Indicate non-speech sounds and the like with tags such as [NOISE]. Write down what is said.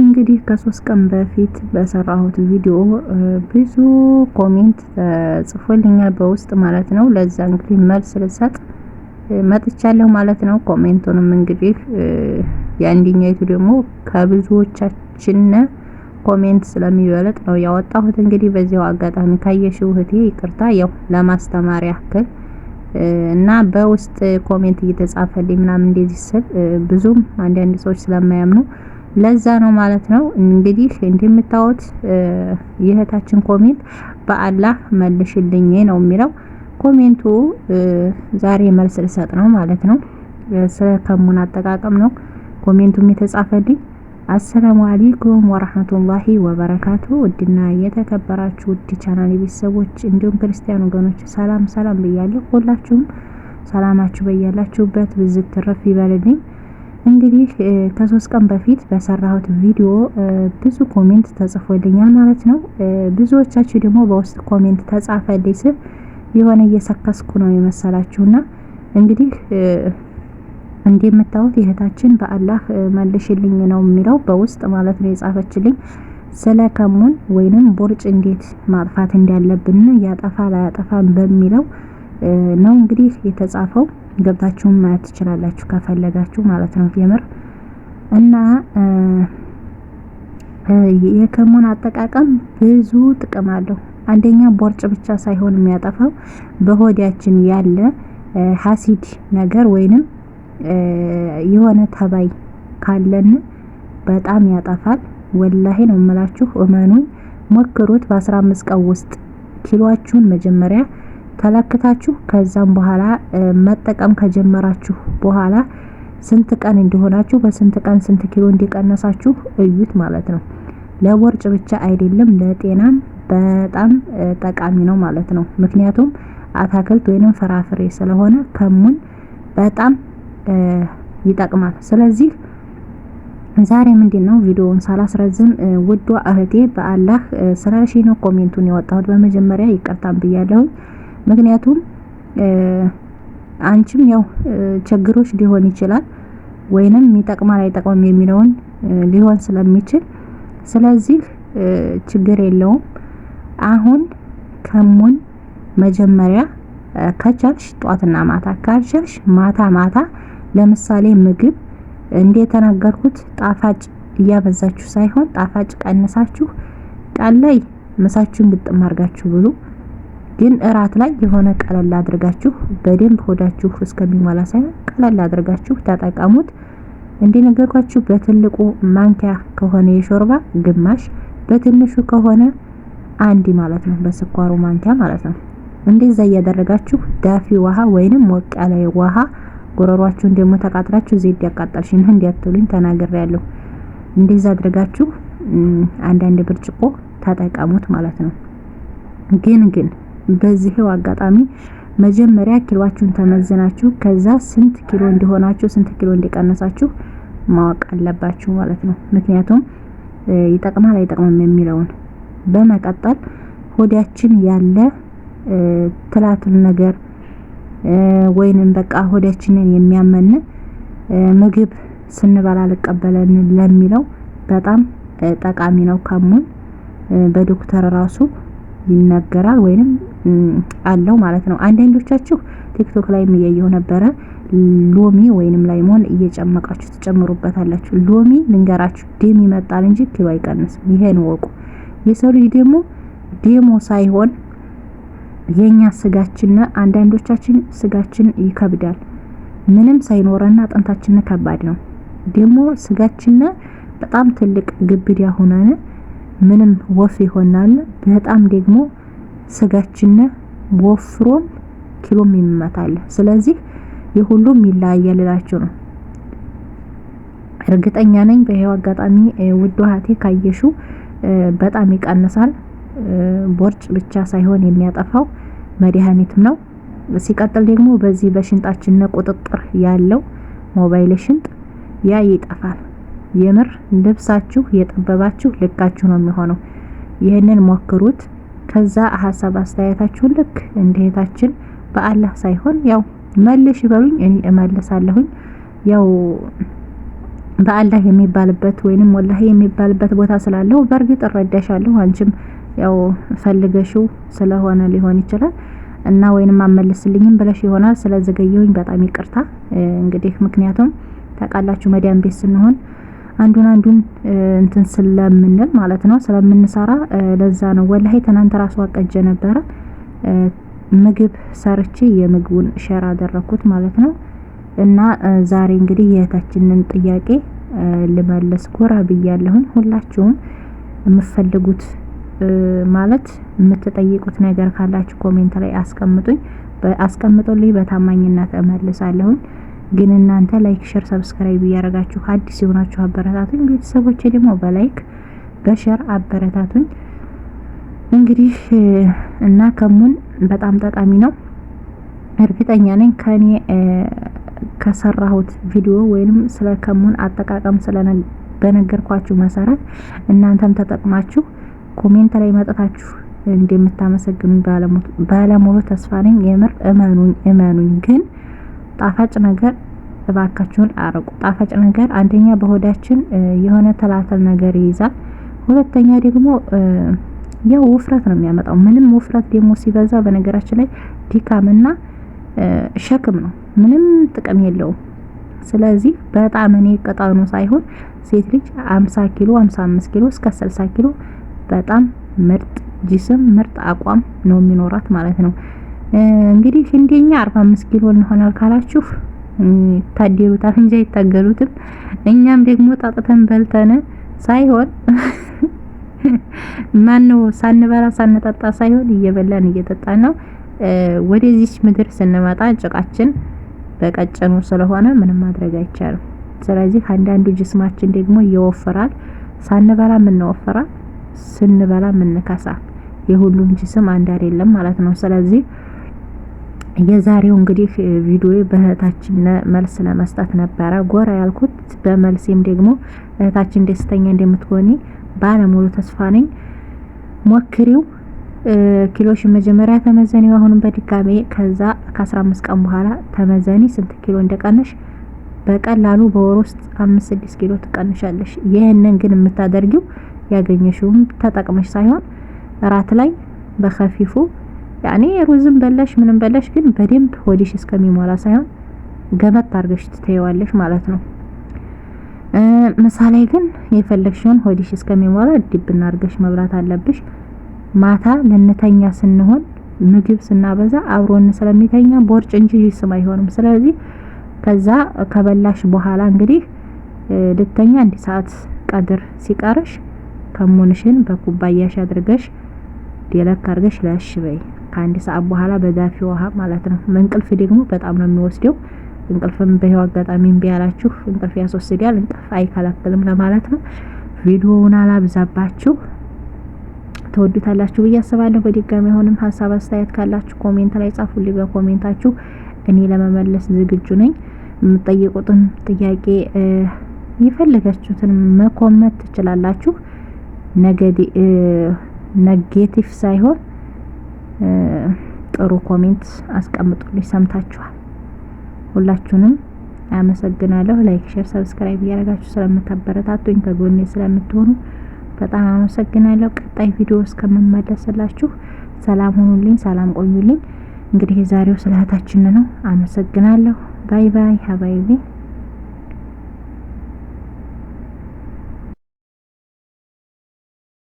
እንግዲህ ከሶስት ቀን በፊት በሰራሁት ቪዲዮ ብዙ ኮሜንት ተጽፎልኛል በውስጥ ማለት ነው። ለዛ እንግዲህ መልስ ልሰጥ መጥቻለሁ ማለት ነው። ኮሜንቱንም እንግዲህ የአንድኛይቱ ደግሞ ከብዙዎቻችን ኮሜንት ስለሚበለጥ ነው ያወጣሁት። እንግዲህ በዚያው አጋጣሚ ካየሽው እህቴ ይቅርታ፣ ያው ለማስተማሪያ ያክል እና በውስጥ ኮሜንት እየተጻፈልኝ ምናምን እንደዚህ ስል ብዙም አንዳንድ ሰዎች ስለማያምኑ ለዛ ነው ማለት ነው። እንግዲህ እንደምታዩት የእህታችን ኮሜንት በአላህ መልሽልኝ ነው የሚለው ኮሜንቱ። ዛሬ መልስ ልሰጥ ነው ማለት ነው። ስለ ከሙን አጠቃቀም ነው ኮሜንቱም የተጻፈልኝ። አሰላሙ አለይኩም ወራህመቱላሂ ወበረካቱ። ውድና የተከበራችሁ ውድ ቻናል ቤተሰቦች እንዲሁም ክርስቲያን ወገኖች ሰላም ሰላም ብያለሁ። ሁላችሁም ሰላማችሁ በያላችሁበት ብዝት ትረፍ ይበልልኝ። እንግዲህ ከሶስት ቀን በፊት በሰራሁት ቪዲዮ ብዙ ኮሜንት ተጽፎልኛል ማለት ነው። ብዙዎቻችሁ ደግሞ በውስጥ ኮሜንት ተጻፈልኝ ስል የሆነ እየሰከስኩ ነው የመሰላችሁና እንግዲህ እንደምታዩት እህታችን በአላህ መልሽልኝ ነው የሚለው በውስጥ ማለት ነው የጻፈችልኝ ስለ ከሙን ወይንም ቦርጭ እንዴት ማጥፋት እንዳለብን ያጠፋ ላያጠፋን በሚለው ነው እንግዲህ የተጻፈው። ገብታችሁም ማየት ትችላላችሁ ከፈለጋችሁ ማለት ነው የምር እና የከሙን አጠቃቀም ብዙ ጥቅም አለው። አንደኛ ቦርጭ ብቻ ሳይሆን የሚያጠፋው በሆዲያችን ያለ ሀሲድ ነገር ወይንም የሆነ ተባይ ካለን በጣም ያጠፋል። ወላሄ ነው የምላችሁ፣ እመኑኝ፣ ሞክሩት። በ15 ቀን ውስጥ ኪሏችሁን መጀመሪያ ተለክታችሁ ከዛም በኋላ መጠቀም ከጀመራችሁ በኋላ ስንት ቀን እንደሆናችሁ በስንት ቀን ስንት ኪሎ እንደቀነሳችሁ እዩት ማለት ነው። ለቦርጭ ብቻ አይደለም ለጤናም በጣም ጠቃሚ ነው ማለት ነው። ምክንያቱም አታክልት ወይንም ፍራፍሬ ስለሆነ ከሙን በጣም ይጠቅማል። ስለዚህ ዛሬ ምንድን ነው ቪዲዮውን ሳላስረዝም ውዷ እህቴ በአላህ ስራሽ ነው ኮሜንቱን ያወጣሁት። በመጀመሪያ ይቅርታን ብያለሁኝ። ምክንያቱም አንቺም ያው ችግሮች ሊሆን ይችላል ወይንም ይጠቅማል አይጠቅምም የሚለውን ሊሆን ስለሚችል ስለዚህ ችግር የለውም። አሁን ከሙን መጀመሪያ ከቻልሽ ጧትና ማታ ካልቻልሽ ማታ ማታ ለምሳሌ ምግብ እንደተናገርኩት ጣፋጭ እያበዛችሁ ሳይሆን ጣፋጭ ቀንሳችሁ ቃል ላይ ምሳችሁን ግጥም አድርጋችሁ ብሉ። ግን እራት ላይ የሆነ ቀለል አድርጋችሁ በደንብ ሆዳችሁ እስከሚሟላ ሳይሆን ቀለል አድርጋችሁ ተጠቀሙት። እንደነገርኳችሁ በትልቁ ማንኪያ ከሆነ የሾርባ ግማሽ፣ በትንሹ ከሆነ አንድ ማለት ነው፣ በስኳሩ ማንኪያ ማለት ነው። እንደዛ እያደረጋችሁ ዳፊ ውሃ ወይንም ሞቅ ያለ ውሃ ጎረሯችሁን ደግሞ ተቃጥላችሁ ያቃጠልሽ ያቃጠልሽኝ እንዲያትሉኝ ያለሁ እንደዛ አድርጋችሁ አንዳንድ ብርጭቆ ተጠቀሙት ማለት ነው። ግን ግን በዚህው አጋጣሚ መጀመሪያ ኪሎአችሁን ተመዝናችሁ ከዛ ስንት ኪሎ እንደሆናችሁ ስንት ኪሎ እንደቀነሳችሁ ማወቅ አለባችሁ ማለት ነው። ምክንያቱም ይጠቅማል አይጠቅምም የሚለውን በመቀጠል ሆዳችን ያለ ትላትን ነገር ወይንም በቃ ሆዳችንን የሚያመን ምግብ ስንበላ ልቀበለን ለሚለው በጣም ጠቃሚ ነው። ካሙን በዶክተር ራሱ ይነገራል ወይንም አለው ማለት ነው። አንዳንዶቻችሁ ቲክቶክ ላይ የሚያየው ነበረ ሎሚ ወይንም ላይሞን እየጨመቃችሁ ትጨምሩበታላችሁ። ሎሚ ልንገራችሁ ደም ይመጣል እንጂ ኪሎ አይቀንስም። ይሄን ወቁ። የሰው ልጅ ደግሞ ደሞ ሳይሆን የኛ ስጋችን፣ አንዳንዶቻችን ስጋችን ይከብዳል። ምንም ሳይኖረና አጥንታችን ከባድ ነው። ደግሞ ስጋችን በጣም ትልቅ ግብዳ ሆነን ምንም ወፍ ይሆናል። በጣም ደግሞ ስጋችን ወፍሮም ኪሎም ይመታል። ስለዚህ የሁሉም ይለያያል እላችሁ ነው። እርግጠኛ ነኝ በህይወት አጋጣሚ ውድ ውሀቴ ካየሹ በጣም ይቀንሳል። ቦርጭ ብቻ ሳይሆን የሚያጠፋው መድኃኒትም ነው። ሲቀጥል ደግሞ በዚህ በሽንጣችን ቁጥጥር ያለው ሞባይል ሽንጥ ያ ይጠፋል። የምር ልብሳችሁ የጠበባችሁ ልካችሁ ነው የሚሆነው። ይህንን ሞክሩት። ከዛ ሀሳብ አስተያየታችሁን ልክ እንደሄታችን በአላህ ሳይሆን ያው መልሽ ይበሉኝ፣ እኔ እመልሳለሁኝ። ያው በአላህ የሚባልበት ወይንም ወላሂ የሚባልበት ቦታ ስላለው በእርግጥ እረዳሻለሁ። አንቺም ያው ፈልገሽው ስለሆነ ሊሆን ይችላል እና ወይንም አመልስልኝም ብለሽ ይሆናል። ስለዘገየሁኝ በጣም ይቅርታ እንግዲህ ምክንያቱም ታውቃላችሁ መዲያም ቤት ስንሆን አንዱን አንዱን እንትን ስለምንል ማለት ነው ስለምንሰራ ለዛ ነው። ወላሂ ትናንት ራሱ አቀጀ ነበረ ምግብ ሰርቼ የምግቡን ሸር አደረኩት ማለት ነው። እና ዛሬ እንግዲህ የእህታችንን ጥያቄ ልመለስ ጎራ ብያለሁኝ። ሁላችሁም የምትፈልጉት ማለት የምትጠይቁት ነገር ካላችሁ ኮሜንት ላይ አስቀምጡኝ። አስቀምጡልኝ፣ በታማኝነት እመልሳለሁኝ። ግን እናንተ ላይክ፣ ሸር፣ ሰብስክራይብ እያደረጋችሁ አዲስ የሆናችሁ አበረታቱኝ። ቤተሰቦቼ ደግሞ በላይክ በሸር አበረታቱኝ። እንግዲህ እና ከሙን በጣም ጠቃሚ ነው። እርግጠኛ ነኝ ከኔ ከሰራሁት ቪዲዮ ወይም ስለ ከሙን አጠቃቀም በነገርኳችሁ መሰረት እናንተም ተጠቅማችሁ ኮሜንት ላይ መጥታችሁ እንደምታመሰግኑኝ ባለሙሉ ተስፋ ነኝ። የምር እመኑኝ እመኑኝ ግን ጣፋጭ ነገር እባካችሁን አርቁ። ጣፋጭ ነገር አንደኛ በሆዳችን የሆነ ተላተል ነገር ይይዛል። ሁለተኛ ደግሞ ያው ውፍረት ነው የሚያመጣው። ምንም ውፍረት ደግሞ ሲበዛ በነገራችን ላይ ድካምና ሸክም ነው፣ ምንም ጥቅም የለውም። ስለዚህ በጣም እኔ ቀጣኑ ሳይሆን ሴት ልጅ 50 ኪሎ 55 ኪሎ እስከ 60 ኪሎ በጣም ምርጥ ጂስም ምርጥ አቋም ነው የሚኖራት ማለት ነው። እንግዲህ እንደኛ 45 ኪሎ እንሆናል ካላችሁ ይታደሉታል እንጂ አይታገሉትም። እኛም ደግሞ ጠጥተን በልተን ሳይሆን [LAUGHS] ማነው ሳንበላ ሳንጠጣ ሳይሆን እየበላን እየጠጣን ነው። ወደዚች ምድር ስንመጣ ጭቃችን በቀጭኑ ስለሆነ ምንም ማድረግ አይቻልም። ስለዚህ አንዳንዱ ጅስማችን ደግሞ ይወፍራል። ሳንበላ የምንወፍራ ስንበላ የምንከሳ የሁሉም ጅስም አንድ አይደለም ማለት ነው። ስለዚህ የዛሬው እንግዲህ ቪዲዮ በእህታችን መልስ ለመስጠት ነበረ ጎራ ያልኩት። በመልሴም ደግሞ እህታችን ደስተኛ እንደምትሆኒ ባለሙሉ ተስፋ ነኝ። ሞክሪው። ኪሎሽ መጀመሪያ ተመዘኒ፣ አሁንም በድጋሜ ከዛ ከ15 ቀን በኋላ ተመዘኒ፣ ስንት ኪሎ እንደቀነሽ በቀላሉ በወር ውስጥ 5 6 ኪሎ ትቀንሻለሽ። ይህንን ግን የምታደርጊው ያገኘሽውም ተጠቅመሽ ሳይሆን እራት ላይ በከፊፉ ያኔ ሩዝም በለሽ ምንም በለሽ ግን በደንብ ሆዲሽ እስከሚሞላ ሳይሆን ገመት አድርገሽ ትተይዋለሽ ማለት ነው። ምሳሌ ግን የፈለግሽውን ሆዲሽ እስከሚሞላ ዲብ እናርገሽ መብላት አለብሽ። ማታ ልንተኛ ስንሆን ምግብ ስናበዛ አብሮን ስለሚተኛ ቦርጭ እንጂ ስም አይሆንም። ስለዚህ ከዛ ከበላሽ በኋላ እንግዲህ ልተኛ አንድ ሰዓት ቀድር ሲቀርሽ ከሙንሽን በኩባያሽ አድርገሽ ደለክ አድርገሽ ለሽ በይ ከአንድ ሰዓት በኋላ በዛፊ ውሃ ማለት ነው። እንቅልፍ ደግሞ በጣም ነው የሚወስደው። እንቅልፍም በህይወ አጋጣሚ እምቢ እንቅልፍ ያስወስዳል፣ እንቅልፍ አይከለክልም ለማለት ነው። ቪዲዮውን አላብዛባችሁ ተወዱታላችሁ ብዬ አስባለሁ። በድጋሚ አሁንም ሀሳብ አስተያየት ካላችሁ ኮሜንት ላይ ጻፉልኝ። በኮሜንታችሁ እኔ ለመመለስ ዝግጁ ነኝ። የምጠይቁትን ጥያቄ የፈለጋችሁትን መኮመት ትችላላችሁ። ነገ ነጌቲቭ ሳይሆን ጥሩ ኮሜንት አስቀምጡልኝ። ሰምታችኋል። ሁላችሁንም አመሰግናለሁ። ላይክ፣ ሼር፣ ሰብስክራይብ እያደረጋችሁ ስለምታበረታቱኝ ከጎኔ ስለምትሆኑ በጣም አመሰግናለሁ። ቀጣይ ቪዲዮ እስከምመለስላችሁ ሰላም ሁኑልኝ፣ ሰላም ቆዩልኝ። እንግዲህ የዛሬው ስለ ነው። አመሰግናለሁ። ባይ ባይ ሀባይቢ